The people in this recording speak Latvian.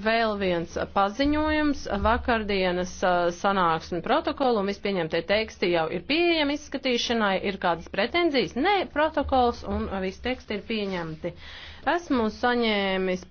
Vēl viens paziņojums. Vakardienas sanāksmi protokolu un vispieņemtie teksti jau ir pieejami izskatīšanai. Ir kādas pretenzijas? Nē, protokols un visi teksti ir pieņemti. Esmu saņēmis.